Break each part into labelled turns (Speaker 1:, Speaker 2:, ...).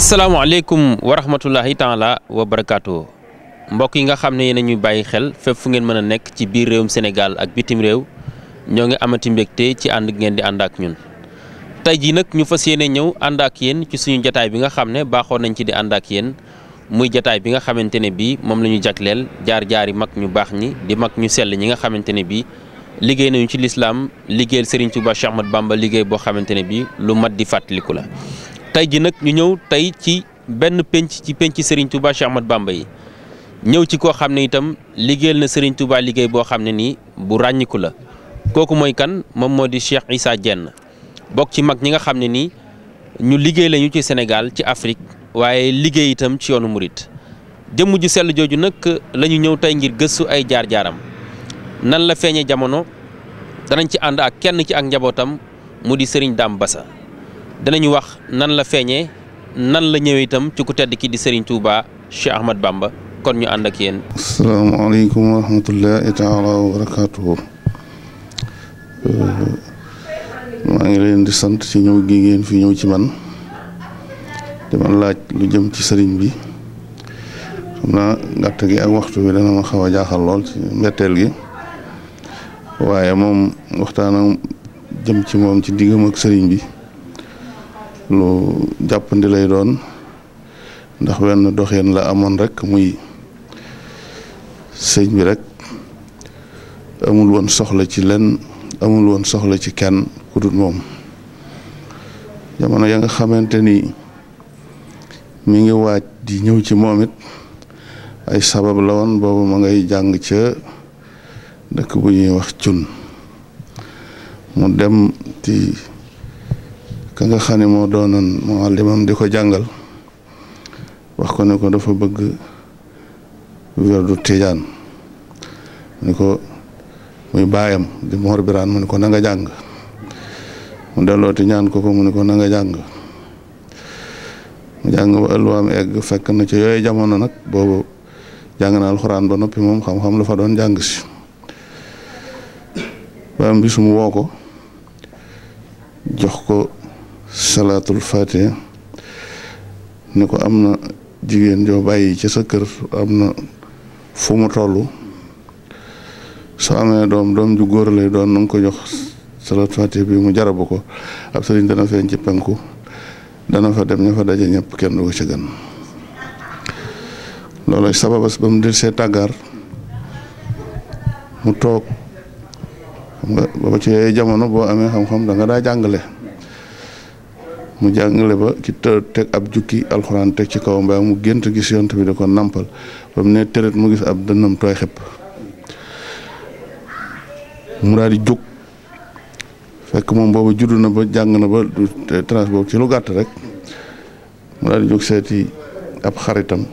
Speaker 1: asalaamaaleykum wa rahmatullahi taala wa barakaatu mbokk yi nga xam ne yéen a ñuy bàyyi xel fépp fu ngeen mën a nekk ci biir réewum senegal ak bitim réew ñoo ngi amati mbegte ci ànd ngeen di ànd ak ñun tey jii nag ñu fas yéene ñëw ànd ak yenn ci suñu jataay bi nga xam ne baaxoon nañ ci di ànd ak yéen muy jataay bi nga xamante ne bii moom la ñu jagleel jaar-jaari mag ñu baax ñi di mag ñu sell ñi nga xamante ne bii liggéey nañu ci lislaam liggéeyal Serigne Touba Cheikh Ahmad liggéey boo xamante ne bii lu mat di fàttaliku la tey ji nag ñu ñëw tey ci benn penc ci penc Serigne Touba Cheikh Ahmad Bamba yi ñëw ci koo xam ne itam liggéeyal na Serigne Touba liggéey boo xam ne nii bu ràññiku la kooku mooy kan moom moo di Cheikh Issa Diène bokk ci mag ñi nga xam ne nii ñu liggéey lañu ci senegal ci Afrique waaye liggéey itam ci yoonu murit jëmm ju sell jooju nag la ñëw tey ngir gëstu ay jaar-jaaram nan la feeñee jamono danañ ci ànd ak kenn ci ak njabootam mu di Serigne Dame basa danañu wax nan la feeñee nan la ñëwee itam ci ku tedd ki di sëriñ Touba Cheikh Ahmad Bamba kon ñu ànd ak yéen.
Speaker 2: asalaamaaleykum wa rahmatullahi euh, maa ngi leen di sant ci ñëw gi fi ñëw ci man dama laaj lu jëm ci sëriñ bi xam naa gàtt gi ak waxtu wi dana ma xaw a jaaxal lool ci mbetteel gi waaye moom waxtaanam jëm ci moom ci diggam ak sëriñ bi. lu jàppandi lay doon ndax wenn doxeen la amoon rek muy sëñ bi rek amul woon soxla ci lenn amul woon soxla ci kenn ku moom jamono ya nga xamante ni mu ngi waaj di ñëw ci moom it ay sabab la woon boobu ma ngay jàng ca dëkk bu ñuy wax cun mu dem ci ka nga xam ne moo doonoon di ko jàngal wax ko ne ko dafa bëgg werdu tijaan mu ne ko muy baayam di Mor Biraan mu ni ko nanga jàng mu dellooti ñaan ko ko mu ne ko nanga jàng mu jàng ba ëlwaam egg fekk na ci yooyu jamono nag boobu jàng na alxuraan ba noppi moom xam-xam la fa doon jàng si ba am bisu mu woo ko ko salaatul fatiha ni ko am na jigéen joo bàyyi ci sa kër am na fu mu toll soo amee doom doom ju góor lay doon na nga ko jox salaatul fatiha bii mu jarabu ko ab sëriñ dana feeñ ci penku dana fa dem ña fa daje ñëpp kenn du ko ci gën loolu sababas ba mu dil see tàggaar mu toog xam nga ba ci jamono boo amee xam-xam da nga daa jàngale mu jàngale ba ci teg ab jukki alxuraan teg ci kaw mbaa mu gént gis yont bi da ko nampal ba mu ne tëreet mu gis ab dënnam tooy xepp mu daal di jóg fekk moom boobu juddu na ba jàng na ba transport boobu ci lu gàtt rek mu daal jóg seeti ab xaritam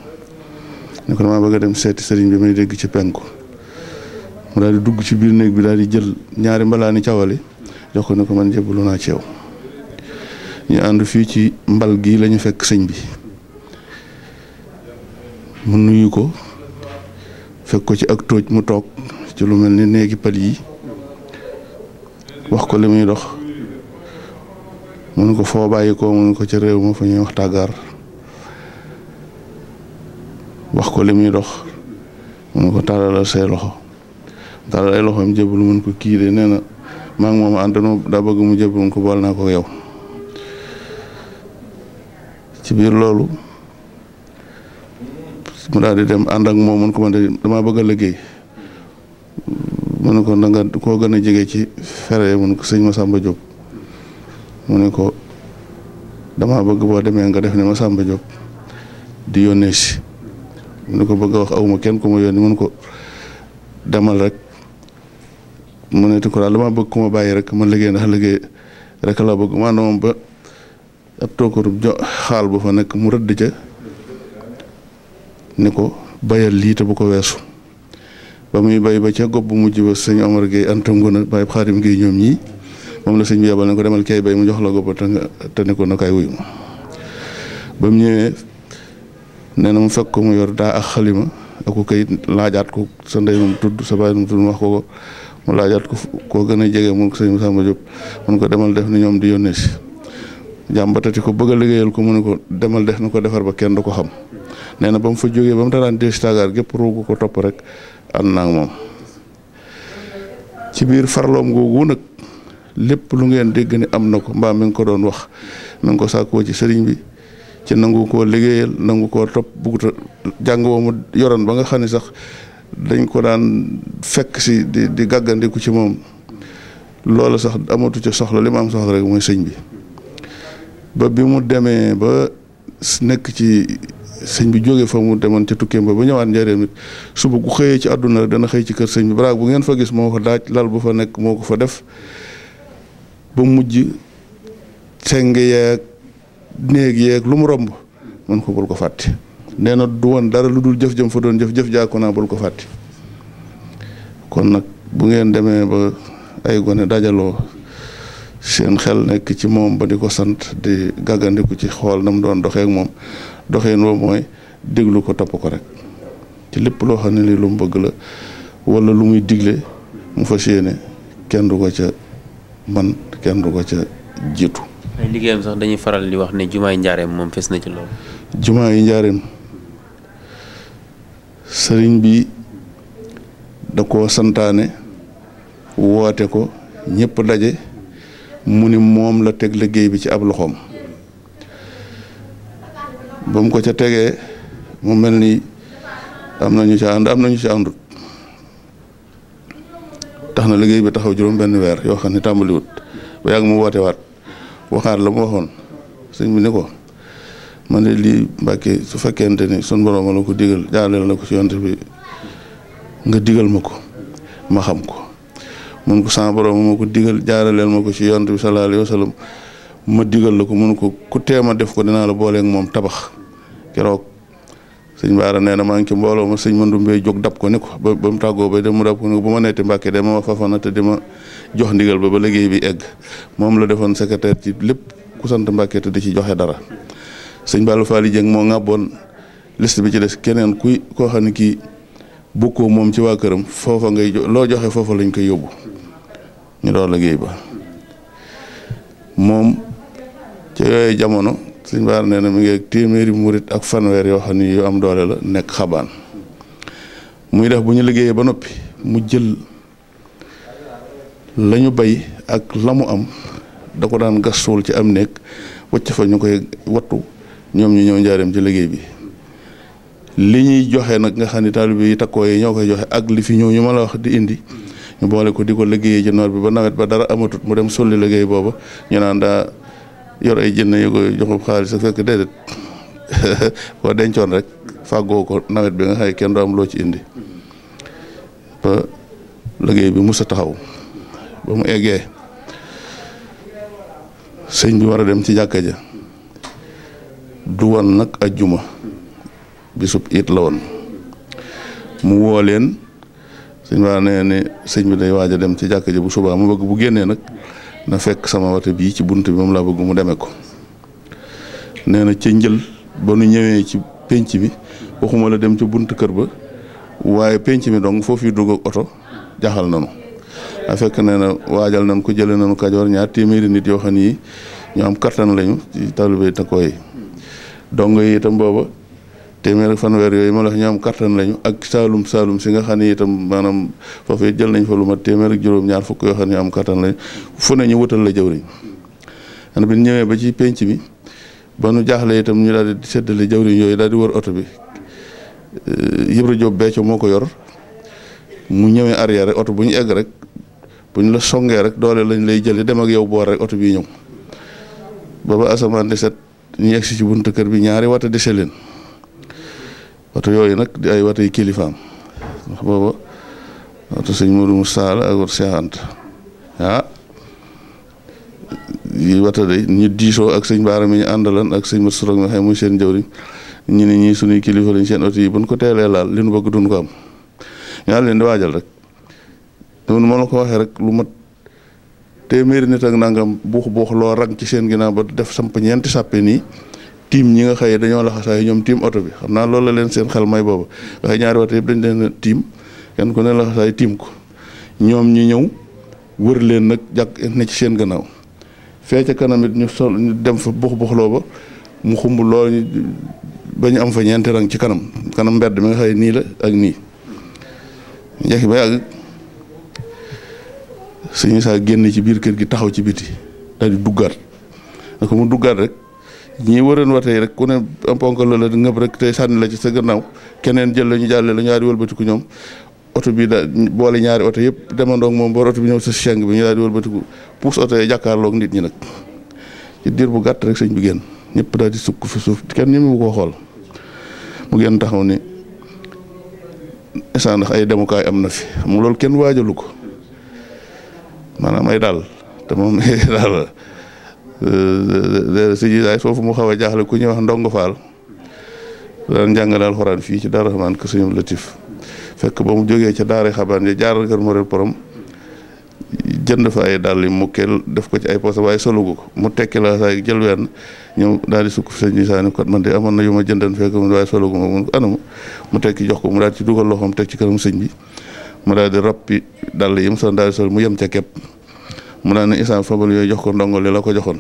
Speaker 2: ne ko damaa bëgg a dem seeti sëriñ bi muy dégg ci penku mu daal di dugg ci biir néeg bi daal di jël ñaari mbalaani cawali jox ko ne ko man jébbalu naa ci yow ñu ànd fii ci mbal gi lañu fekk sëñ bi mu nuyu ko fekk ko ci ak tóoj mu toog ci lu mel ni néegi pal yi wax ko li muy dox mun ko foo bàyyi ko mun ko ci réew ma fa ñuy wax tàggaar wax ko li muy dox mun ko tàllalal say loxo tàllal ay loxoom jébbalu mun ko kii de nee na maa ngi moom ànd daa bëgg mu jébbalu mun ko bool naa ko yow ci biir loolu mu daal di dem ànd ak moom mun ko man de damaa bëgg a liggéey mu ne ko da nga koo gën a jege ci fere mun ko sëñ Masamba jóg mu ne ko damaa bëgg boo demee nga def ne Masamba Diop di yónnee si mu ko bëgg a wax awma kenn ko ma yónni mun ko demal rek mu ne ko daal damaa bëgg ku ma bàyyi rek ma liggéey ndax liggéey rek la bëgg maanaam ba. ab tookarub jo xaal boo fa nekk mu rëdd ca ni ko bayal lii te bu ko weesu ba muy bay ba ca gob bu mujj ba sëñ Omar Gueye Anta Nguna Baye Xaadim Gueye ñoom ñii moom la sëñ bi ko demal kay bay mu jox la gob te te ne na kay wuyu ma ba mu ñëwee nee mu fekk ko mu yor daa ak xalima ak kayit laajaat ko sa ndey moom tudd sa baay moom tudd mu wax ko ko mu laajaat ko koo gën a jege mu sëñ Samba Diop mun ko demal def ni ñoom di yónnee jàmbatati ko bëgg a liggéeyal ko mu ne ko demal def na ko defar ba kenn du ko xam nee na ba fa jógee ba mu taraan dee si tàggaar gépp ruugu ko topp rek ànd naa ak ci biir farloom googu nag lépp lu ngeen dégg ni am na ko mbaa mi ngi ko doon wax mi ko sàkkoo ci sëriñ bi ci nangu koo liggéeyal nangu ko topp buguta jàng boo mu yoroon ba nga xam ne sax dañ ko daan fekk si di gàggandiku ci moom loolu sax amatu ca soxla li ma am soxla rek mooy sëñ bi ba bi mu demee ba nekk ci sëñ bi jóge fa mu demoon ca tukkeem ba ba ñëwaat njëriñ it suba ku xëyee ci àdduna rek dana xëy ci kër sëñ bi baraag bu ngeen fa gis moo ko daaj lal bu fa nekk moo ko fa def ba mujj seng yeeg néeg yeeg lu mu romb mën ko bul ko fàtte. nee na du woon dara lu dul jëf jëm fa doon jëf jëf jàkku naa bul ko fàtte kon nag bu ngeen demee ba ay gone dajaloo. seen xel nekk ci moom ba di ko sant di gàggandiku ci xool na mu doon doxee moom doxeen woo mooy déglu ko topp ko rek ci lépp loo xam ne lii lu mu bëgg la wala lu muy digle mu fas yéene kenn du ko ca man kenn du ko ca jiitu.
Speaker 1: dañuy faral di wax ne jumaay moom fes na ci loolu.
Speaker 2: jumaa yi njaareem sëriñ bi da koo santaane woote ko ñëpp daje. mu ni moom la teg liggéey bi ci ab loxoom ba ko ca tegee mu mel ni am na ñu ci ànd am na ñu ci àndut tax na liggéey bi taxaw juróom benn weer yoo xam ne tàmbaliwut ba yàgg mu woote waat waxaat la mu waxoon sëñ bi ni ko man de lii Mbàkke su fekkente ni sun borom la ko digal jaarale la ko ci yonte bi nga digal ma ko ma xam ko mun ko sama borom moo ko digal jaaraleel ma ko ci yonent bi sallallahu alayhi wa sallam ma digal la ko mun ko ku teema def ko dinaa la booleeg moom tabax keroog sëñ Baara nee na maa ngi ci mbooloo ma sëñ Mandu Mbay jóg dab ko ni ko ba ba mu tàggoo dem mu dab ko ni ko bu ma neeti Mbàkke de ma fafana te di ma jox ndigal ba ba liggéey bi egg moom la defoon secrétaire ci lépp ku sant Mbàkke di ci joxe dara sëñ Ballou Faly Dieng moo ŋàbboon liste bi ci des keneen kuy koo xam ne kii bokkoo moom ci waa këram foofa ngay loo joxe foofa lañ koy yóbbu ñu door liggéey ba moom ci yooyu jamono sëñ Bara nee na mi ngi téeméeri murit ak fanweer yoo xam ni yu am doole la nekk xabaan muy def bu ñu liggéeyee ba noppi mu jël la ñu bay ak lamu am da ko daan gas suul ci am néeg wacc fa ñu koy wattu ñoom ñu ñëw njaareem ci liggéey bi li ñuy joxe nag nga xam ni taalibe yi takkoo yi ñoo koy joxe ak li fi ñëw ñu ma la wax di indi ñu boole ko di ko liggéeyee ci noor bi ba nawet ba dara amatut mu dem solli liggéey booba ñu naan daa yor ay jënd yu joxub xaalis ak fekk déedéet boo dencoon rek fàggoo ko nawet bi nga xay kenn du am loo ci indi ba liggéey bi musa taxaw ba mu eggee sëñ bi war a dem ci jàkka ja du woon nag ajjuma bisub it lawoon mu woo leen sëñ Ba nee ne sëñ bi day waaj dem ci jàkka ji bu subaa mu bëgg bu génnee nag na fekk sama wate bii ci bunt bi moom laa bëgg mu demee ko nee na ca njël ba nu ñëwee ci penc bi waxuma la dem ci bunt kër ba waaye penc mi donc foofu yi dugg ak oto jaxal nanu a fekk nee na waajal nañ ko jëlee nañu kajoor ñaar téeméeri nit yoo xam ni ñu am kattan lañu ci taalibe Takko yi dongo yi itam booba téeméer ak fanweer yooyu ma la wax ñoom kattan lañu ak saalum saalum si nga xam ne itam maanaam foofu jël nañ fa lu mat téeméer ak juróom-ñaar fukk yoo xam ne am kattan lañu fu ne ñu wutal la jawriñ an bi ñëwee ba ci penc bi ba nu jaaxle itam ñu daal di séddale jawriñ yooyu daal di wër oto bi euh, Ibra moo ko yor mu ñëwee arrière oto bu ñu egg rek bu la songee rek doole lañ lay jëlee dem ak yow boor oto bii ñëw ba ba asamaan di set ñu egg ci buntu kër bi ñaari wata dese leen. oto yooyu nag di ay watay kilifaam ndax booba oto sëñ Modou Moustapha la ak wat Cheikh Anta ah yi wata day ñu diisoo ak sëñ Baara mi ñu àndalan ak sëñ Moussa Rock muy seen jawriñ ñu ne ñii suñuy kilifa lañ seen oto ban ko teelee laal li nu bëgg duñ ko am ñaan leen di waajal rek noonu moo la ko waxee rek lu mat téeméeri nit ak nangam buux buux loo rang ci seen ginnaaw ba def samp ñeenti sàppe nii tiim ñi nga xëy dañoo laxasaay ñoom tiim oto bi xam naa loolu la leen seen xel may booba waaye ñaari oto yëpp dañ leen tiim kenn ku ne laxasaay tiim ko ñoom ñu ñëw wër leen nag jàkk ne ci seen gannaaw fee ca kanam it ñu sol ñu dem fa bux mu xumb loolu am fa ñeenti rang ci kanam kanam mbedd mi nga xëy nii la ak nii njëkk ba yàgg suñu saa génn ci biir kër gi taxaw ci biti daal di duggaat na ko mu duggaat rek. ñii waroon wa rek ku ne am ponkal la ngëb rek tey sànni la ci sa gannaaw keneen jël la ñu jàlle la ñaari wëlbatiku ñoom oto bi da boole ñaari oto yëpp demandoog moom boor oto bi ñëw sa cheng bi ñu daal di wëlbatiku puus oto yi jàkkaarloog nit ñi nag diir bu gàtt rek sëñ bu génn ñëpp daal di sukk fi suuf kenn ñi mu ko xool mu génn taxaw ni instant ndax ay demukaay am na fi mu loolu kenn waajalu ko maanaam ay daal te moom daal si gisaay foofu mu xaw a jaaxle ku ñuy wax ndongo faal daan daal alxuraan fii ci Daaru Rahmaan ko suñu latif fekk ba mu jógee ca daara xabaan ja jaar kër Morel Porom jënd fa ay dàll yu mukkeel def ko ci ay posa waaye solugu ko mu tekki la saa jël wenn ñëw daal di sukk sëñ Saani ko man de amoon na yu ma jëndan fekk mu waaye solugu ma mu anam mu tekki jox ko mu daal ci dugal loxoom teg ci kanam sëñ bi mu daal di ràppi dàll yi mu sonn daal di sol mu yem ca kepp mu daan ne isaa fabal yooyu jox ko ndongo li la ko joxoon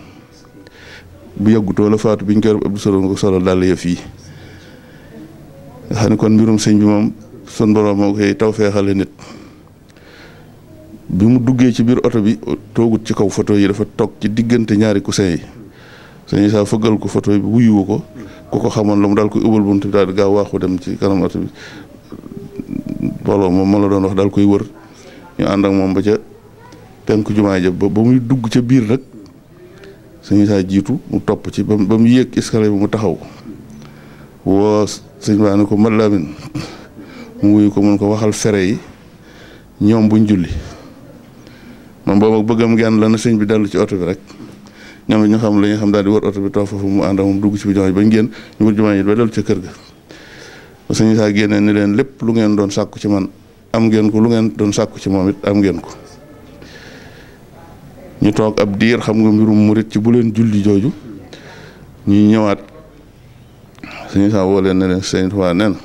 Speaker 2: bu yàggutoo faatu biñ kër Abdou Saloum ko solo dàll yëf yi nga ne kon mbirum sëñ bi moom sun borom moo koy taw feexale nit bi mu duggee ci biir oto bi toogut ci kaw photo yi dafa toog ci diggante ñaari coussin yi sëñ Isaa fëggal ko photo bi wuyuwu ko ku ko xamoon la mu daal koy ubbal bunt bi daal di gaaw waaxu dem ci kanam oto bi mbooloo moom la doon wax daal koy wër ñu ànd moom ba penku jumaa ja ba muy dugg ca biir nag sëñ saa jiitu mu topp ci ba ba mu yéeg escalier bi mu taxaw woo sëñ baa ne ko mat Lamin mu ko mun ko waxal fere yi ñoom buñ julli moom boobu bëggam genn la na sëñ bi dellu ci oto bi rek ñoom it ñu xam la ñu xam daal di oto bi toog mu ànd moom dugg ci bi jox ba ñu génn ñu wut jumaa ji ca kër ga sëñ Isaa génnee ni leen lépp lu ngeen doon sàkku ci man am ngeen ko lu ngeen doon sàkku ci moom it am ngeen ko ñu toog ab diir xam nga mbirum murit ci bu leen julli jooju ñuy ñëwaat suñu saa woo leen leen sëñ Tuubaa nen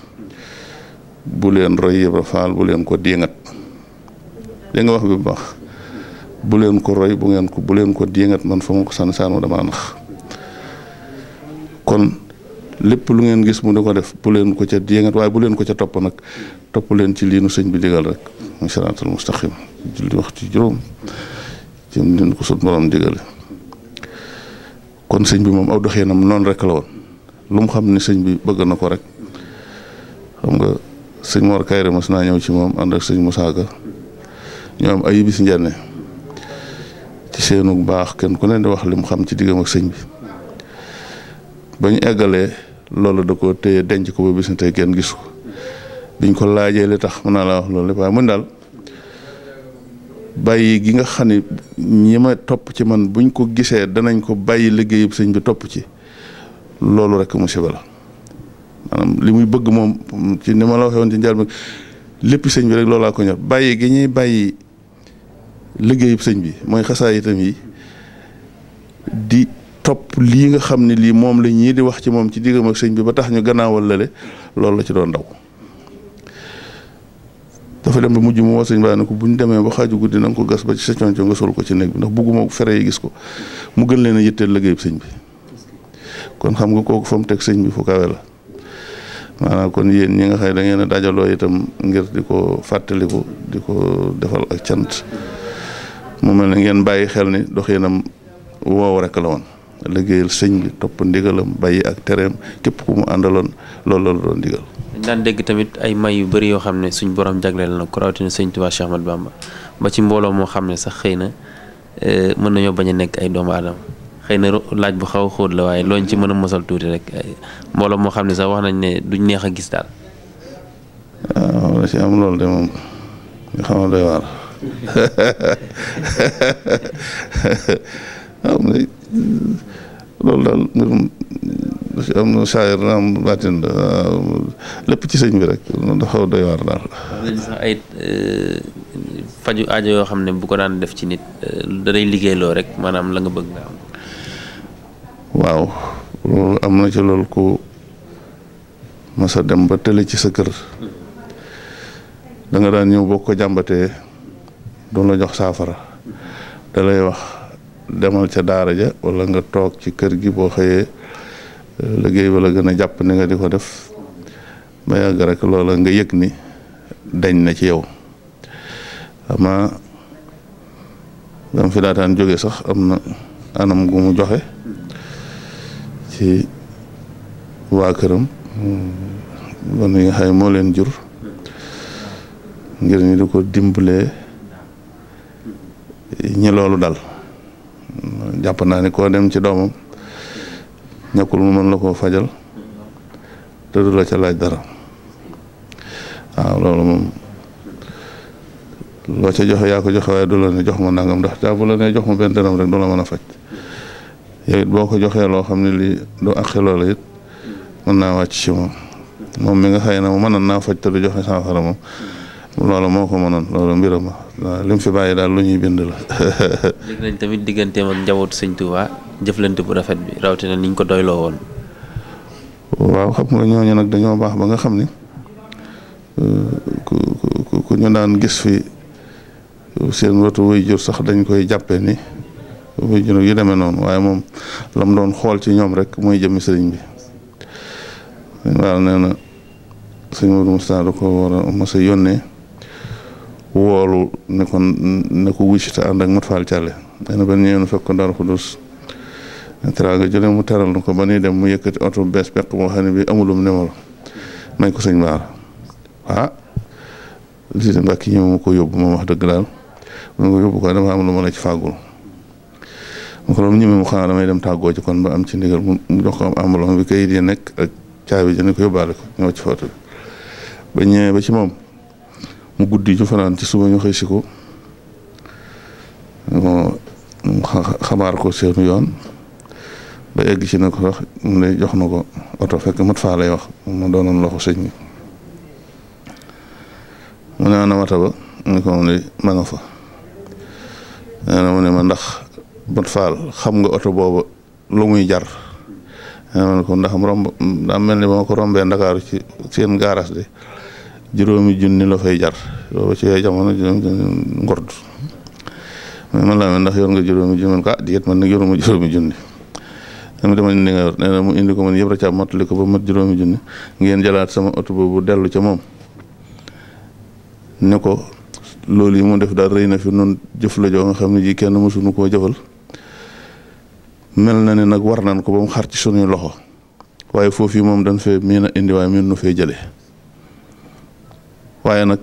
Speaker 2: bu leen roy Ibra Faal bu leen ko diingat li wax bu baax bu leen ko roy bu ngeen ko bu leen ko diingat man fa ma ko san saanu nax kon lépp lu ngeen gis mu di ko def bu leen ko ca diingat waaye bu leen ko ca topp nag topp leen ci liinu sëñ bi digal rek muy siraatal mustaqim julli wax ci juróom ci leen ko sut moroom digale kon sëñ bi moom aw doxinam noonu rek la woon lu mu xam ne sëñ bi bëgg na ko rek xam nga sëñ Mor Kayre mas naa ñëw ci moom ànd ak sëñ Moussa Ka ñoom ay bis njànne ci seenu baax kenn ku leen di wax li mu xam ci diggam ak sëñ bi ba ñu eggalee loolu da ko téye denc ko ba bis na tey kenn gisu ko biñ ko laajee li tax mën naa la wax loolu lépp waaye mën daal. bàyyi gi nga xam ni ñi ma topp ci man buñ ko gisee danañ ko bàyyi liggéeyub sëñ bi topp ci loolu rek musiba la li muy bëgg moom ci ni ma la waxee ci njaar mi lépp sëñ bi rek loolaa ko ñor bàyyi gi ñuy bàyyi liggéeyub sëñ bi mooy xasaa itam yi di topp lii nga xam ni lii moom la ñii di wax ci moom ci diggam ak sëñ bi ba tax ñu gannaawal lale loolu la ci doon daw dafa dem ba mujj mu woo sëñ Ba ne ko bu demee ba xaaju guddi na ko gas ba ci sa conco nga sol ko ci néeg bi ndax bugguma fere yi gis ko mu gën leen a yitteel liggéeyub sëñ bi kon xam nga kooku fa mu teg sëñ bi fu kawe la kon yéen ñi nga xam ne da ngeen a dajaloo itam ngir di ko fàttaliku di ko defal ak cant mu mel ne ngeen bàyyi xel ni doxinam woow rek la woon liggéeyal sëñ bi topp
Speaker 1: ndigalam bàyyi ak tereem képp ku mu àndaloon loolu la doon digal. daan dégg tamit ay may yu bari yoo xam ne suñ borom jagleel na ko rawatina sëñ Tuubaa Cheikh Ahmadou Bamba ba ci mbooloo moo xam ne sax xëy na eh, mën nañoo bañ a nekk ay doomu aadama xëy na laaj bu xaw a xóot la waaye looñ ci mën a mosal tuuti rek mbooloo moo xam ne sax wax nañ ne duñ neex a gis daal.
Speaker 2: waaw la ci daal am na saayir la am lépp ci sëñ bi rek dafa day waar daal.
Speaker 1: sax ay eh, faju aajo yoo xam ne bu ko daan def ci nit eh, danay liggéeyloo rek maanaam la nga bëgg nga am. waaw
Speaker 2: am na ci loolu ku mas a dem ba tële ci sa kër. danga nga daan ñëw boo ko jàmbatee doon la jox saafara da lay wax demal ca daara ja wala nga toog ci kër gi boo xëyee. liggéey ba gën a jàpp ni nga di ko def ba yàgg rek loola nga yëg ni dañ na ci yow ama dam jóge sax am na anam gu mu joxe ci waa këram ba nu nga moo leen jur ngir ñu di ko dimbalee ñi loolu dal jàpp naa ni koo dem ci doomam ñakkul mu mën la koo fajal te du la ca laaj dara waaw loolu moom loo ca joxe yaa ko joxe waaye du la ne jox ma nangam ndax daa bu la ne jox ma benn dërëm rek du la mën a faj yow boo ko joxee loo xam ne lii du àqe loola it mën naa wàcc ci moom moom mi nga xëy na mu mën naa faj te du joxe saafara moom loolu moo ko mënoon loolu mbiram waaw li mu fi bàyyi daal lu ñuy bind la.
Speaker 1: dégg nañ tamit digganteem ak njabootu sëñ Touba jëflante bu rafet bi rawatina niñ ko doyloo woon.
Speaker 2: waaw xam nga ñooñu nag dañoo baax ba nga xam ni euh, ku ku ñu daan gis fi seen wetu wuy sax dañ koy jàppe ni wuy jur yu demee noonu waaye moom lam doon xool ci ñoom rek mooy jëmmi sëriñ bi waaw nee na sëñ Modou Moustapha ko war a mose a yónnee. woolu ne ko ne ko wucc te ànd ak mat faal càlle nee na ba ñëw na fekk ko Daaru Xudoos teraanga jële mu teral na ko ba nuy dem mu yëkkati oto bees peq boo xam ne bi amulum numéro may ko sëñ baar ah lii de mbàkki ko yóbbu moom wax dëgg daal mu ko yóbbu am lu ma la ci fàggul mu ko loolu ñëme mu xanaa damay dem tàggoo ci kon ba am ci ndigal mu jox ko am ambulance bi kayit yi nekk ak caabi ji ne ko yóbbaale ko ñëw ci foto bi ba ñëwee ba ci moom mu guddi ñu fanaan ci suba ñu xëy si ko mu xabaar ko seenu yoon ba egg ci ne ko sax mu ne jox na ko oto fekk mat faa lay wax mu doonoon loxo sëñ bi mu ne ana wata ba mu ne ko mu ne ma nga fa nee ma ndax mat faal xam nga oto boobu lu muy jar nee ne ko ndax romb daa mel ni ba ma ko rombee Ndakaaru ci seen gaaraas de juróomi junni la fay jar booba ci yooyu jamono juróomi junni man laa mel yor nga juróomi junni man ko ah diit man nag yoruma juróomi junni dama demal ni mu indi ko man yëpp ca mottali ko ba mat juróomi junni ngeen jëlaat sama oto boobu dellu ca moom ne ko loolu yi mu def daal rëy na fi noonu jëf la joo nga xam ne ji kenn mësuñu koo jëfal mel na ne nag war nañ ko ba mu xar ci sunuy loxo waaye foofu yi moom dañ fee miin a indi waaye nu fee jëlee waaye nag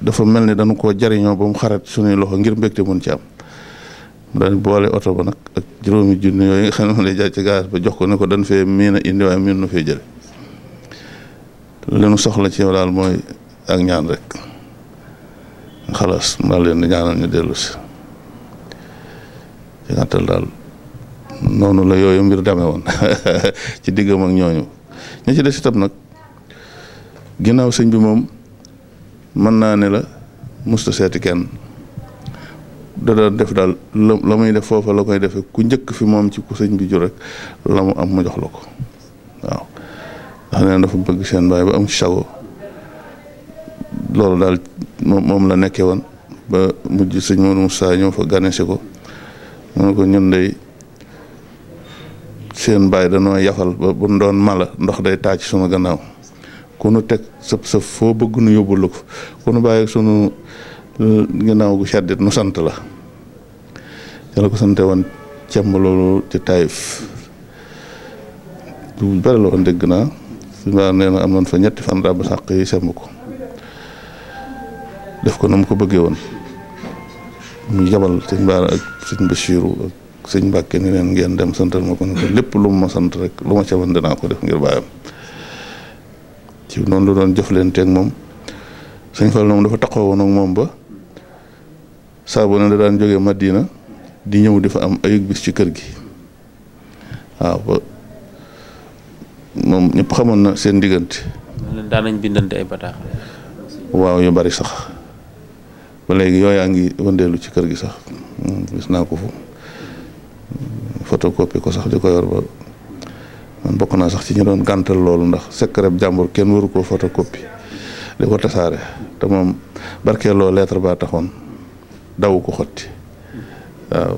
Speaker 2: dafa mel ni dañu ko jariñoo ba mu xarat loxo ngir mbégte mun ci am mu boole oto ba nag ak juróomi junni yooyu nga xam ne lay ci gaas ba jox ko ne ko dañ fee miin a indi nu fee jële li nu soxla ci yow daal mooy ak ñaan rek xalaas mu daal leen di ñaanal ñu dellu si daal noonu la yooyu mbir deme woon ci diggam ñooñu ña ci des itam nag ginnaaw sëñ bi moom mën naa ne la musta seeti kenn da doon def daal la muy def foofa la koy defe ku njëkk fi moom ci ku sëñ bi ju rek la mu am mu jox la ko waaw ndax nee dafa bëgg seen baay ba am ci sago loolu daal moom la nekkee woon ba mujj sëñ Maodo Moussa ñëw fa ganesi ko mu ne ko ñun day seen baay danoo yafal ba bu doon mala ndox day taa ci suma gannaaw ku nu teg sëf sëf foo bëgg nu yóbbu la ko ku nu bàyyi sunu euh, ginnaaw gu sàddit nu sant la ca ko sante woon càmm loolu ci Taïf bu bari la dëgg dégg naa su ma neen na am nañ fa ñetti fan ràbb sàq yi semb ko def ko na mu ko bëggee woon mu yabal sëñ Baara ak sëñ Bachiru ak sëñ Mbàkke ni leen ngeen dem santal ma ko ne ko lépp lu ma sant rek lu ma ca mën dinaa ko def ngir bàyyam ci noonu la doon jëf jëflante ak moom sëñ Fall moom dafa taxawoon ak moom ba saabu na da daan jógee Madina di ñëw di fa am ayug bis ci kër gi waaw ba xamoon na seen diggante.
Speaker 1: daan nañ bindante ay bataax.
Speaker 2: waaw yu bari sax ba léegi yooyaa ngi wëndeelu ci kër gi sax hmm, gis naa ko fu hmm, photocopie ko sax di ko yor ba. man bokk naa sax ci ñu doon gàntal loolu ndax secret jàmbur kenn waru koo photocopie di ko tasaare te moom barkeeloo lettre ba taxoon daw ko xotti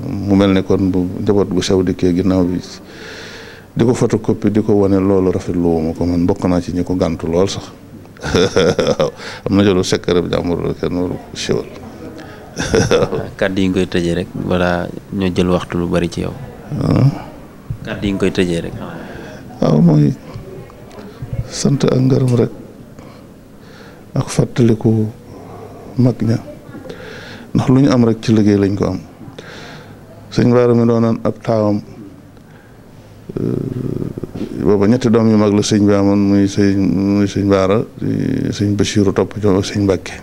Speaker 2: mu mel ne kon bu njaboot bu sew di dikkee ginnaaw bi di ko photocopie di ko wone loolu rafetlu wu ma ko man bokk naa ci ñi ko gàntu lool sax
Speaker 1: am na jolu secret jàmbur loolu kenn waru siwal kàddu koy tëjee rek balaa ñoo jël waxtu lu bari ci yow. Ah. kàddu yi nga koy tëjee rek.
Speaker 2: waaw mooy sant ak ngërëm rek ak fàttaliku mag ña ndax lu ñu am rek ci liggéey lañ ko am sëñ Baara mi doonoon ab taawam euh, booba ñetti doom yu mag la sëñ bi muy sëñ muy sëñ Baara sëñ Bachiru topp ci ak sëñ Mbàkke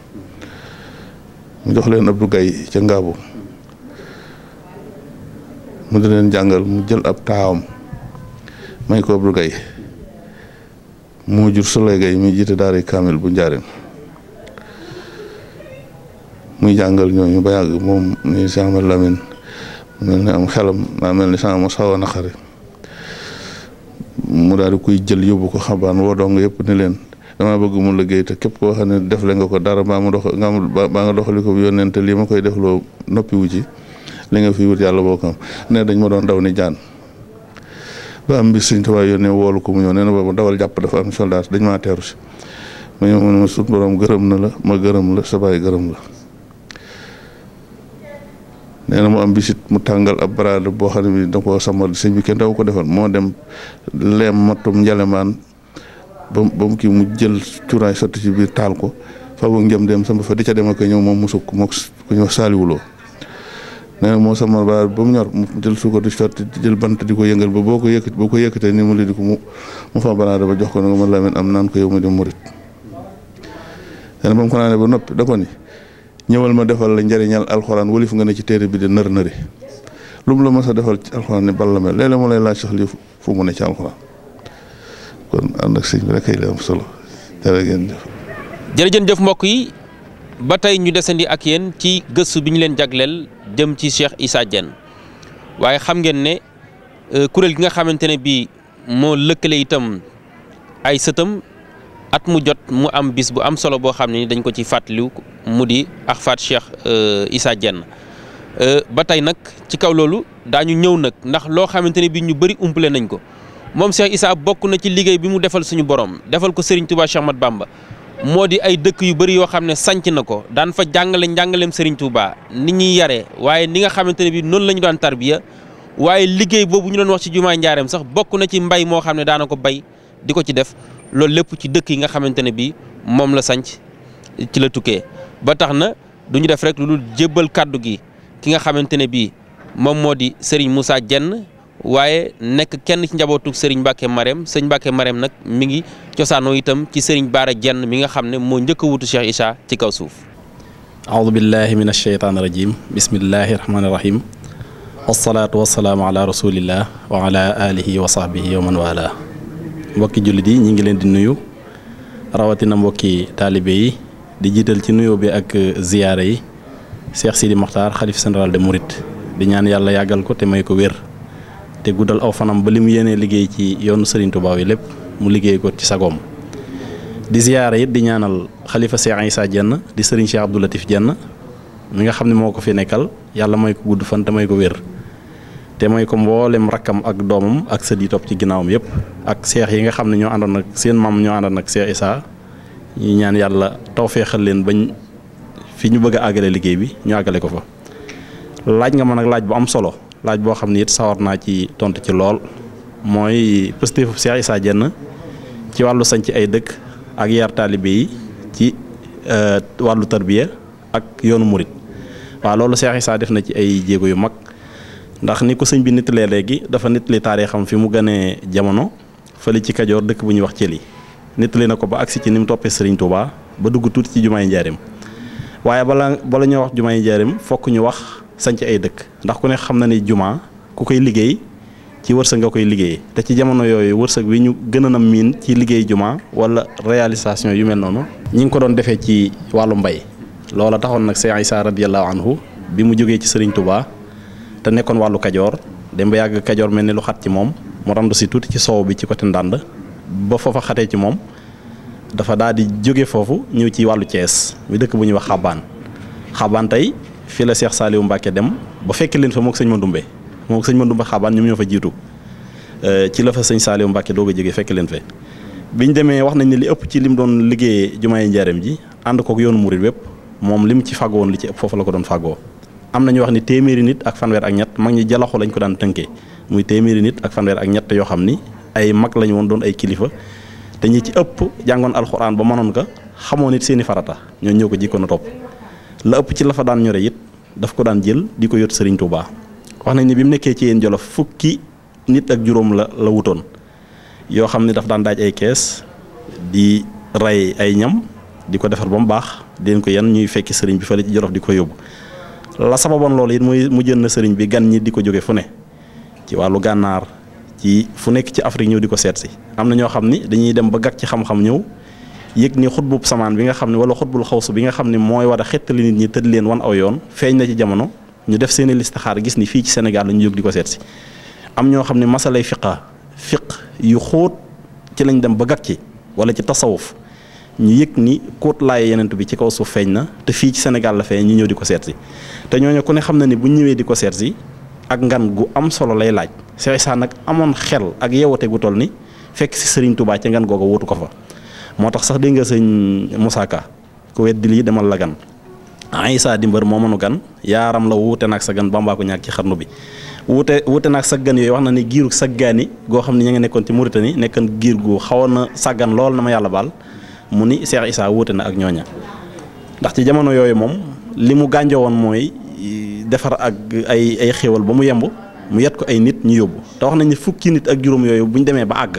Speaker 2: mu jox leen Abdou Gaye ca Ngaabu mu di leen jàngal mu jël ab taawam may ko Abdou Gaye moo jur Souley Gaye muy jiite daara kaamil bu njaarim muy jàngal ñooñu ba yàgg moom ni Cheikh Amadou mel ni am xelam daa mel ni sama mos xaw a naqari mu daal di koy jël yóbbu ko xabaan woo dong yëpp ni leen dama bëgg mu liggéey te képp koo xam ne defle nga ko dara mbaa mu dox nga mbaa nga doxali ko yónneen te lii ma koy defloo noppiwu ci li nga fi wut yàlla boo kam ne dañ ma doon daw ni jaan ba am bi sëñ Tuubaa yónnee woolu ko mu ñëw nee na dawal jàpp dafa am soldat dañ maa teeru si ma ñëw mu ne ma gërëm na la ma gërëm la sa baay gërëm na mu am bisit mu tàngal ab baraada boo xam ne bi da koo samal sëñ bi kenn daw ko defal moo dem leem matum njalemaan ba ba mu kii mu jël cuuraay sotti ci biir taal ko fa bu njëm dem sama fa di ca dem ak ñëw moom mu sukk mook saaliwuloo nee na moo samal ba ba mu ñor mu jël suukar di sotti jël bant di ko yëngal ba boo ko yëkkat boo ko yëkkatee ni mu la di ko mu mu fa banaada ba jox ko ne ko man Lamine am naan ko yow ma di murit nee na ba mu ko naanee ba noppi da ko ni ñëwal ma defal la njëriñal alxuraan walif nga ne ci téere bi di nar nëri lu mu la mës a defal ci alxuraan ni bal la mel léeg-léeg mu lay laaj sax fu mu ne ci alxuraan kon ànd ak sëñ bi rek la am solo jërë
Speaker 1: ngeen jëf. mbokk yi ba tey ñu desandi ak yéen ci gëstu bi ñu leen jagleel. jëm ci Cheikh Issa Diène waaye xam ngeen ne euh, kuréel gi nga xamante ne bii moo lëkkale itam ay sëtam at mu jot mu am bis bu am solo boo xam ne dañ ko ci fàttaliw mu di ak faat Cheikh euh, Issa Diène euh, ba tey nag ci kaw loolu daañu ñëw nag ndax loo xamante ne bii ñu bëri umpale nañ ko moom Cheikh Issa bokk na ci liggéey bi mu defal suñu borom defal ko Serigne Touba Cheikh Ahmad Bamba moo di ay dëkk yu bari yoo xam ne sanc na ko daan fa jàngale njàngaleem Serigne Touba ni ñuy yaree waaye ni nga xamante ne bi noonu la ñu daan tarbiya waaye liggéey boobu ñu doon wax ci jumaa njaareem sax bokk na ci mbay moo xam ne daana ko bay di ko ci def loolu lépp ci dëkk yi nga xamante ne bi moom la sanc ci la tukkee ba tax na du ñu def rek lu dul jébbal kàddu gi ki nga xamante ne bi moom moo di Serigne Moussa jenn waaye nekk kenn ci njabootu Serigne Mbacke Marème sëñ Mbacke Marème nag mi ngi cosaanoo itam ci Serigne Baara Jenn mi nga xam ne moo njëkk a wutu Cheikh Issa ci kaw suuf.
Speaker 3: aoudu billahi min asheytaani rajim bismillahi rahmaani rahim wasalaatu wasalaamu ala rasulillah mbokki jullit yi ñu ngi leen di nuyu rawatina mbokki taalibe yi di jiital ci nuyoo bi ak ziyaara yi Cheikh Sidi Mokhtar xalif général de Mouride di ñaan yàlla yàggal ko te may ko wér. te guddal aw fanam ba li mu liggéey ci yoonu Serigne Touba yi lépp mu liggéey ko ci sagoom di ziyaara it di ñaanal xalifa Cheikh Issa jenn di sëriñ Cheikh Abdou Latif Diène mi nga xam ne moo ko fi nekkal yàlla mooy ko gudd fan te may ko wér te mooy ko mboolem rakkam ak doomam ak sët yi topp ci ginnaawam yëpp ak seex yi nga xam ne ñoo àndoon ak seen maam ñoo àndoon ak Cheikh Issa ñu ñaan yàlla tawféexal leen bañ fi ñu bëgg a àggale liggéey bi ñu àggale ko fa laaj laaj boo xam ne it sawar naa ci tontu ci lool mooy pëstéefu Cheikh Issa Diène ci wàllu sanc ay dëkk ak yar taalibe yi ci euh, wàllu tarbiya ak yoonu murit waaw loolu Cheikh Issa def na ci ay jéego yu mag ndax ni ko sëñ bi nit lee léegi dafa nittali taarixam fi mu gënee jamono fële ci Kajoor dëkk bu ñuy wax Cëli nittali na ko ba agsi ci ni mu toppee Sëriñ Tuubaa ba dugg tuuti ci jumaay njaareem waaye bala bala ñoo wax jumaay njaareem fokk ñu wax sanc ay dëkk ndax ku ne xam na ni jumaa ku koy liggéey ci wërsëg nga koy liggéey te ci jamono yooyu wërsëg wi ñu gën a na miin ci liggéey jumaa wala réalisation yu mel noonu ñi ngi ko doon defee ci wàllu mbay loola taxoon nag Seex Isaa radiyallaahu anhu bi mu jógee ci Sëriñ Tuubaa te nekkoon wàllu kajoor dem ba yàgg kajoor mel ni lu xat ci moom mu randu si tuuti ci soow bi ci côté ndànd ba foofa xatee ci moom dafa daal di jóge foofu ñëw ci wàllu Cees muy dëkk bu ñuy wax xabaan xabaan fii la Cheikh Saliou Mbacke dem ba fekk leen fa moog sëñ Mandoumbe moog sëñ Mandoumbe xaabaan ñoom ñoo fa jiitu euh, ci la fa sëñ Saliou Mbacke doo ko jógee fekk leen fe ñu demee wax nañ ne li ëpp ci lim doon liggéeyee jumaay njaareem ji ànd kook yoonu murit wépp moom lim ci fàggoon li ci foofu la ko doon fàggoo am nañu wax ni téeméeri nit ak fanweer ak ñett mag ñi jalaxu lañ ko daan tënkee muy téeméeri nit ak fanweer ak ñett yoo xam ni ay mag lañu woon doon ay kilifa te ci ëpp jàngoon alxuraan ba mënoon ka xamoon it seeni farata ñoo ñëw ko jikkoon a topp la ëpp ci la fa daan ñore it daf ko daan jël di ko yot Serigne Touba wax nañ ne bi mu nekkee ci yéen jolof fukki nit ak juróom la la wutoon yoo xam ne daf daan daaj ay kees di rey ay ñam di ko defar ba mu baax di ko yan ñuy fekki sëriñ bi fële ci jolof di ko yóbbu la sababoon loolu it muy mu jënd sëriñ bi gan ñi di ko jóge fu ne ci wàllu gànnaar ci fu nekk ci Afrique ñëw di ko seet am na ñoo xam ni dañuy dem ba gàkk ci xam-xam ñëw. yëg ni xutbub samaan bi nga xam ne wala xutbul xawsu bi nga xam ne mooy war a xettali nit ñi tëdd leen wan aw yoon feeñ na ci jamono ñu def seen listaxaar gis ni fii ci Sénégal la ñu jóg ko seet am ñoo xam ne masalay fiqa fiq yu xóot ci lañ dem ba gàkk ci wala ci tasawuf ñu yëg ni kóot laay yenent bi ci kaw suuf feeñ na te fii ci Sénégal la feeñ ñu ñëw di ko seet si te ñooñu ku ne xam na ni bu ñëwee di ko seet ak ngan gu am solo lay laaj Cheikh Issa nag amoon xel ak yewate gu toll ni fekk si Serigne Touba ci ngan googa wóotu ko fa moo tax sax dégg nga sëñ Moussa Ka ku weddi lii demal la gan Aïssa di mbër moo mënu gan yaaram la wuute naag sa gan bambaa ko ñàkk ci xarnu bi wuute wuute naag sa gan yooyu wax na ni giirug saggaani goo xam ne ña nga nekkoon ci Mauritanie nekkan giir gu xawoon na sàggan lool na ma yàlla baal mu ni Cheikh Issa wuute na ak ñooña ndax ci jamono yooyu moom li mu gànjoo woon mooy eh, defar ak ay ay xéwal ba mu yemb mu yet ko ay nit ñu yóbbu te wax nañ fukki nit ak juróom yooyu bu ñu demee ba àgg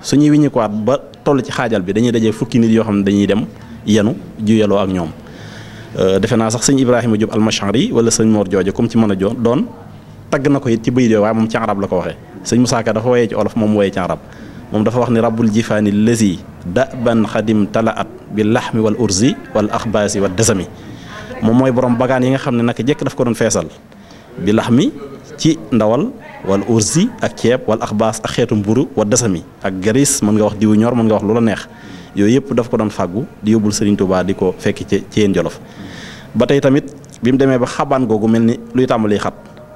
Speaker 3: suñuy wiññikuwaat ba toll ci xaajal bi dañuy dajee fukki nit yoo xam ne dañuy dem yenu juyaloo ak ñoom euh, defe naa sax sëñ Ibrahima Diop almachari wala sëñ Mor Jooja comme ci mën a doon tagg na ko it ci bëy waaye moom ci arab la ko waxee sëñ Musaa Ka dafa woyee ci olof moom woyee ci moom dafa wax ni rabbul jifaani lazi daban xadim talaat bi laxmi wal urzi wal axbaasi wal desami moom mooy borom bagaan yi nga xam ne naka jekk daf ko doon feesal bi mi ci ndawal wala ursi ak ceeb wala axbaas ak xeetu mburu wa dasami ak garis mën nga wax diwu ñor mën nga wax lu la neex yooyu yëpp daf ko doon fàggu di yóbbul Serigne Touba di ko fekk ci ci yéen jolof ba tey tamit bi mu demee ba xabaan googu mel ni luy tàmbali xat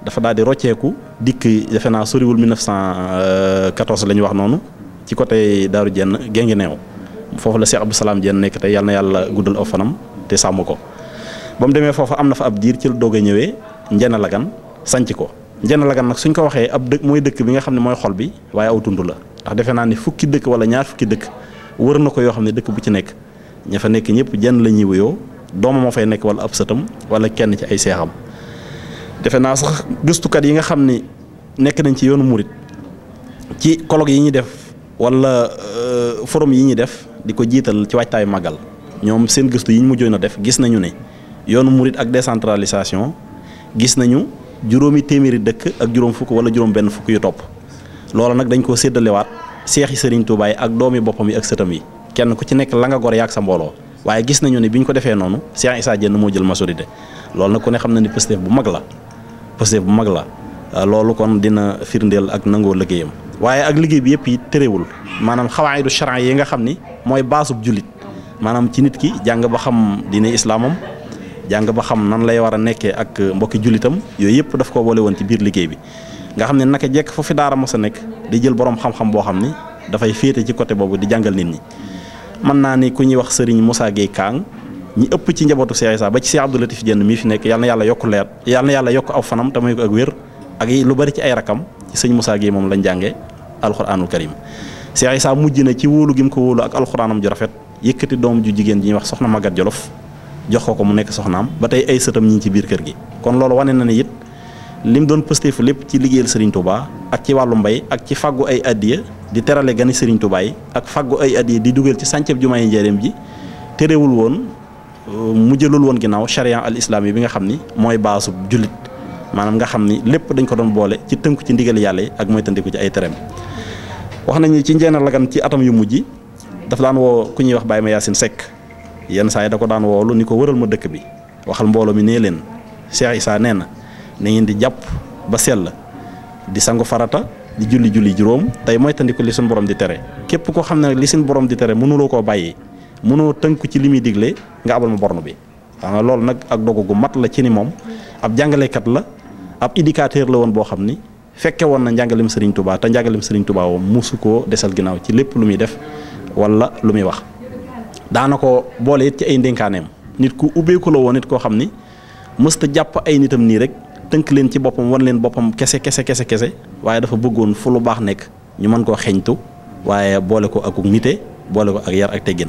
Speaker 3: dafa daal di rocceeku dikk defe naa soriwul 1914 la ñu wax noonu ci côté Daaru Jenn géngi neew foofu la Cheikh Abdou Salaam Jenn nekk te yal na yàlla guddal aw fanam te sàmm ko ba mu demee foofa am na fa ab diir ci lu a ñëwee njëna lagan sanc ko jenn Lagane nag suñ ko waxee ab dëkk mooy dëkk bi nga xam ne mooy xol bi waaye aw tund la ndax defe naa ni fukki dëkk wala ñaar fukki dëkk wër na ko yoo xam ne dëkk bu ci nekk ña fa nekk ñëpp jenn la ñuy wuyoo dooma moo fay nekk wala ab sëtam wala kenn ci ay seexam defe naa sax gëstukat yi nga xam ne nekk nañ ci yoonu murit ci colloque yi ñuy def wala euh, forum yi ñuy def di ko jiital ci waajtaayu màggal ñoom seen gëstu yi ñu mujjoon a def gis nañu ne yoonu murit ak décentralisation gis nañu juróomi téeméeri dëkk ak juróom fukk wala juróom benn fukk yu topp loolu nag dañ koo séddalewaat seexi sëriñ Tuubaa ak doomi boppam yi ak sëtam yi kenn ku ci nekk la nga gor yaak sa mbooloo waaye gis nañu ne bi ñu ko defee noonu Cheikh saa Diène moo jël majorité loolu nag ku ne xam na ni pësteef bu mag la pësteef bu mag la euh, loolu kon dina firndeel ak nangoo liggéeyam waaye ak liggéey bi yëpp yi tëréwul maanaam xawaayidu charan yi nga xam ni mooy baasub jullit maanaam ci nit ki jàng ba xam diine islaamam jàng ba xam nan lay war a nekkee ak euh, mbokki jullitam yooyu yëpp daf ko boole woon ci biir liggéey bi nga xam ne naka jekk fu daara mos a nekk di jël borom xam-xam boo xam ne dafay féete ci côté boobu di jàngal nit ñi mën naa ne ku ñuy wax sëriñ Moussa Gueye Kaang ñi ëpp ci njabootu Cheikh Issa ba ci Cheikh Abdou Latif jenn mii fi nekk yal na yàlla yokk leer yal na yàlla yokk aw fanam te may ko ak wér ak lu bari ci ay rakam ci sëñ musaa Gueye moom lañ jàngee alxuraanul karim Cheikh Issa mujj na ci wóolu gi mu ko wóolu ak alxuraanam ju rafet yëkkati doom ju jigéen ji wax soxna Magat Jolof jox ko ko mu nekk soxnaam ba tey ay sëtam ñi ci biir kër gi kon loolu wane na ne it lim doon fu lépp ci liggéeyal Serigne Touba ak ci wàllu mbay ak ci faggu ay addiya di terale gani Serigne Touba ak faggu ay addiya di dugal ci sànceb jumaa yi njëreem ji terewul woon euh, mu jëlul woon ginnaaw charia al islam yi bi nga xam ni mooy baasu jullit maanaam nga xam ni lépp dañ ko doon boole ci tënku ci ndigal yàlla yi ak moytandiku ci ay tereem wax nañu ci njëriñ lagan ci atam yu mujj daf daan woo ku ñuy wax Baye Mayacine Seck yenn saa yi da ko daan woolu ni ko wëral ma dëkk bi waxal mbooloo mi nee leen Cheikh Issa nee na na ngeen di jàpp ba sell di sangu farata di julli julli juróom tey moytandiku li suñ borom di tere képp koo xam ne li suñ borom di tere mënuloo koo bàyyi mënoo tënku ci li muy digle nga abal ma borne bi. xam nga loolu nag ak dogu gu mat la ci ni moom ab jàngalekat la ab éducateur la woon boo xam ni fekke woon na njàngalem Serigne Touba te njàngalem Serigne Touba moom musu koo desal ci lépp lu muy def wala lu muy wax. daanako ko boole it ci ay ndénkaaneem nit ku ubbeeku la woon it koo xam ni mësta jàpp ay nitam nii rek tënk leen ci boppam wan leen boppam kese kese kese kese waaye dafa bëggoon fu lu baax nekk ñu mën koo xeeñtu waaye boole ko akuk nite boole ko ak yar ak teggin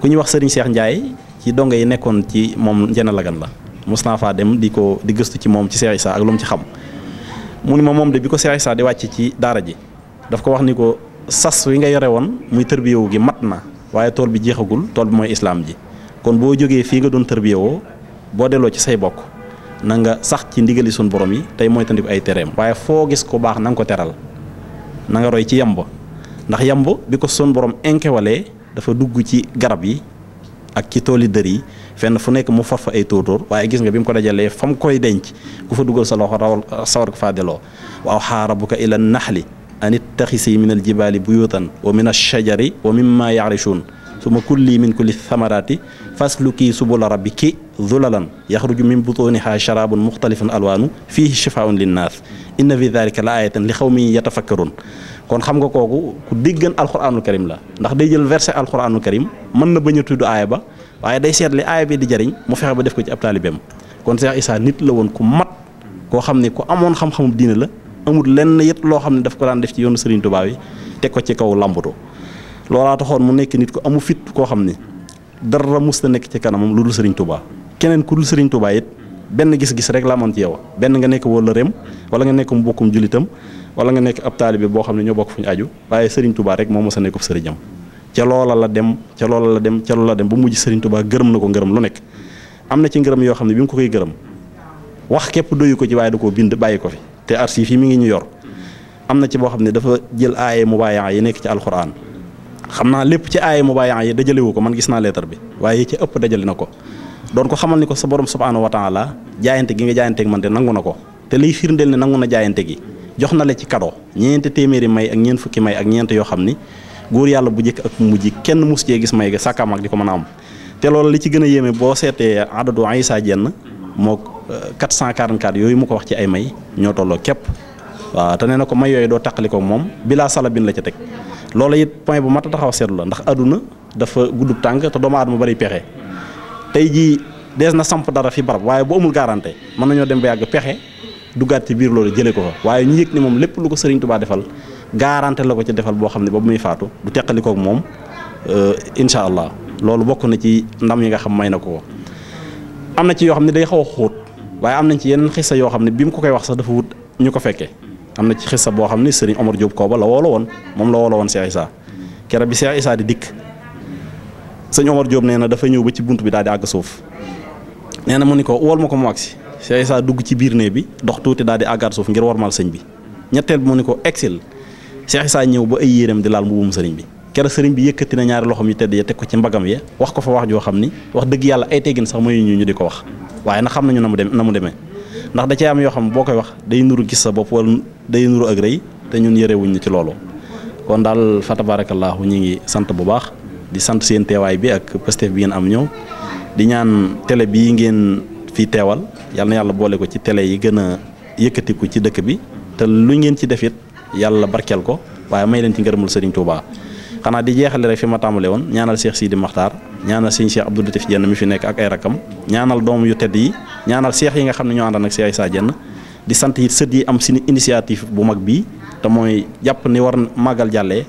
Speaker 3: ku ñuy wax Serigne Cheikh Ndiaye ci dongo yi nekkoon ci moom njëna lagan la mos naa faa dem di ko di gëstu ci moom ci Cheikh Issa ak lu ci xam mu ni ma moom de bi ko Cheikh saa di wàcc ci daara ji daf ko wax ni ko sas wi nga yore woon muy tërbiyewu gi mat na waaye tool bi jeexagul tool bi mooy islaam ji kon boo jógee fii nga doon tërbiyewoo boo delloo ci say bokk na nga sax ci ndigali suñu borom yi tey mooy ay tereem waaye foo gis ko baax na nga ko teral na nga roy ci yamb ndax yamb bi ko sun borom enkewalee dafa dugg ci garab yi ak ci tooli dër yi fenn fu nekk mu far fa ay tóortóor waaye gis nga bi mu ko dajalee fa mu koy denc ku fa dugal sa loxo rawal sawar ko faa delloo waaw xaarabuka ila naxli an ittaxisi min aljibaali buyutan wa min alshajari wa mimma yaarichuun suma kulli min kulli thamaraati fasluki subula rabbiki zulalan yaxruju min butuniha sharabun muxtalifun alwaanu fiihi shifaun linnaas inna fi dalika la ayatan li xawmi yatafakkarun kon xam nga kooku ku déggan alquranul karim la ndax day jël verset alquranul karim mën na bañ a tudd aaya ba waaye day seet li aaya bi di jariñ mu fexe ba def ko ci ab taalibeem kon Cheikh Issa nit la koo xam ne ku amoon xam-xamu la amul lenn yëpp loo xam ne daf ko daan def ci yoonu Serigne Touba yi teg ko ci kaw làmbatu loolaa taxoon mu nekk nit ko amu fit koo xam ne dara mus na nekk ci kanamam lu dul Serigne Touba keneen ku dul Serigne Touba it benn gis-gis rek la amoon ci yow benn nga nekk wala rem wala nga nekk mu bokkum jullitam wala nga nekk ab taalibe boo xam ne ñoo bokk fu ñu aju waaye Serigne Touba rek moo mos a nekkub sëriñam ca loola la dem ca loola la dem ca loola dem ba mujj Serigne gërëm na ko ngërëm lu nekk am na ci ngërëm yoo xam ne bi mu ko koy gërëm wax képp doyu ko ci waaye da koo bind bàyyi ko fi te archives fi mi ngi ñu yor am na ci boo xam ne dafa jël aaye mubaayaan yi nekk ci alxuraan xam naa lépp ci aaye mubaayaan yi dajalewu ko man gis naa leetar bi waaye ci ëpp dajale na ko doon ko xamal ni ko sa borom subhaanahu wa taala jaayante gi nga jaayanteeg man de nangu na ko te liy firndeel ne nangu na jaayante gi jox na la ci kado ñeenti téeméeri may ak ñeent fukki may ak ñeent yoo xam ni góor yàlla bu njëkk ak mujj kenn mus cee gis may ga sàkkaam ak di ko mën a am te loolu li ci gën a yéeme boo seetee adadu Isa jenn mook 444 euh, yooyu mu ko wax ci ay may ñoo tolloo képp waaw te nee na ko may yooyu doo taqali ko moom bilaa salabin la ca teg loola it point bu mat taxaw seetlu ndax aduna dafa guddub tànk te doomu aadama bari pexe tey jii dees na samp dara fi barab waaye bu amul garantie mën nañoo dem ba yàgg pexe duggaat ci biir loolu jëlee ko waaye ñu yëg moom lépp lu ko Serigne Touba defal garantie la ko ci defal boo xam ne ba muy faatu du teqali koog moom euh, incha allah loolu bokk na ci ndam yi nga xam may na ko ko am na ci yoo xam ne day xaw a xóot waaye am nañ ci yeneen xissa yoo xam ne bi mu ko koy wax sax dafa wut ñu ko fekkee am na ci xissa boo xam ne sëriñ Omar Diop Kooba la woola woon moom la woola woon Cheikh Issa keroog bi Cheikh Issa di dikk sëñ Omar Diop nee na dafa ñëw ba ci bunt bi daal di àgg suuf nee na mu ni ko wool ma ko mu agsi Cheikh dugg ci biir néeg bi dox tuuti daal di àggaat suuf ngir warmal sëñ bi ñetteel bi mu ni ko exil Cheikh Issa ñëw ba ay yéeram di laal mbubum sëriñ bi keroog sëriñ bi yëkkati na ñaari loxoom yu tedd teg ko ci mbagam ya wax ko fa wax joo xam wax dëgg ay teggin sax mooy ñu ñu di ko wax waaye na xam nañu na mu dem na mu demee ndax da am yoo xam boo koy wax day nuru gis sa bopp wala day nuru ak rëy te ñun yërewuñu ci loolu kon daal fa tabaarakallaahu ñu ngi sant bu baax di sant seen teewaay bi ak Pastef bi ngeen am ñëw di ñaan télé bii ngeen fii teewal yal na yàlla boole ko ci tele yi gën a yëkkatiku ci dëkk bi te lu ngeen ci def it yàlla barkeel ko waaye may leen ci ngërëmul Serigne Touba xanaa di jeexale rek fi ma tàmbalee woon ñaanal Cheikh Sidi Makhtar ñaanal sëñ Cheikh Abdou mi fi nekk ak ay rakam ñaanal doom yu tedd yi ñaanal seex yi nga xam ne ñoo àndaan ak Cheikh Issa di sant it sët yi am suñu initiative bu mag bii te mooy jàpp ni war magal jàllee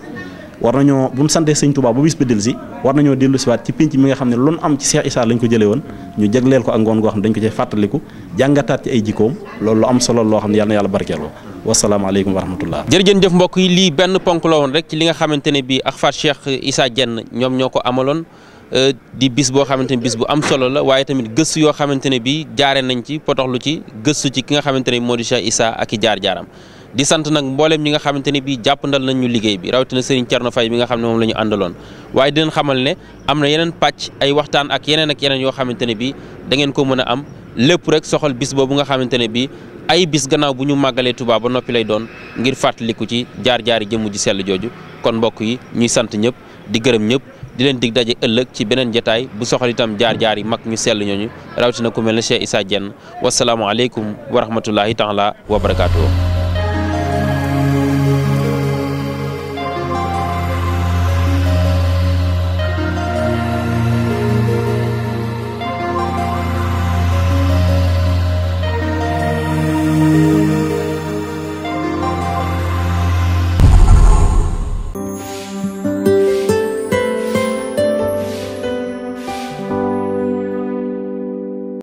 Speaker 3: war nañoo bu ñu santee sëñ Touba bu bis bi si war na ñoo dellu si waat ci pénc mi nga xam ne lu am ci Cheikh Issa lañ ko jëlee woon ñu jagleel ko ak ngoon goo xam ne dañ ko cee fàttaliku jàngataat ci ay jikkoom loolu am solo loo xam ne yàlla na yàlla barkeeloo wasalaamaaleykum wa rahmatullah
Speaker 1: jërëjëf mbokk yi lii benn ponk la woon rek li nga xamante ne bii ak Cheikh ñoom ñoo ko amaloon Euh, di bis boo xamante ne bis bu am solo la waaye tamit gëstu yoo xamante ne bi jaare nañ ci potoxlu ci gëstu ci ki nga xamante ne moo di Cheikh Issa ak jaar-jaaram di sant nag mbooleem ñi nga xamante ne bii jàppandal nañ ñu liggéey bi rawatina Serigne Thierno Faye mi nga xam ne ñu àndaloon waaye di xamal ne am na yeneen pàcc ay waxtaan ak yeneen ak yeneen yoo xamante ne bii da ngeen mën a am lépp rek soxal bis boobu nga xamante ne bii ay bis gannaaw bu ñu màggalee Touba ba noppi lay doon ngir fàttaliku ci jaar-jaari jëmm ji sell jooju kon mbokk yi ñuy sant ñëpp di gërëm ñëpp di leen dig daje ëllëg ci beneen jataay bu soxal itam jaar-jaar yi mag ñu sell ñooñu rawatina ku mel ne Cheikh Issa Diène wasalaamualeykum wa rahmatullahi taala wa barakaatu.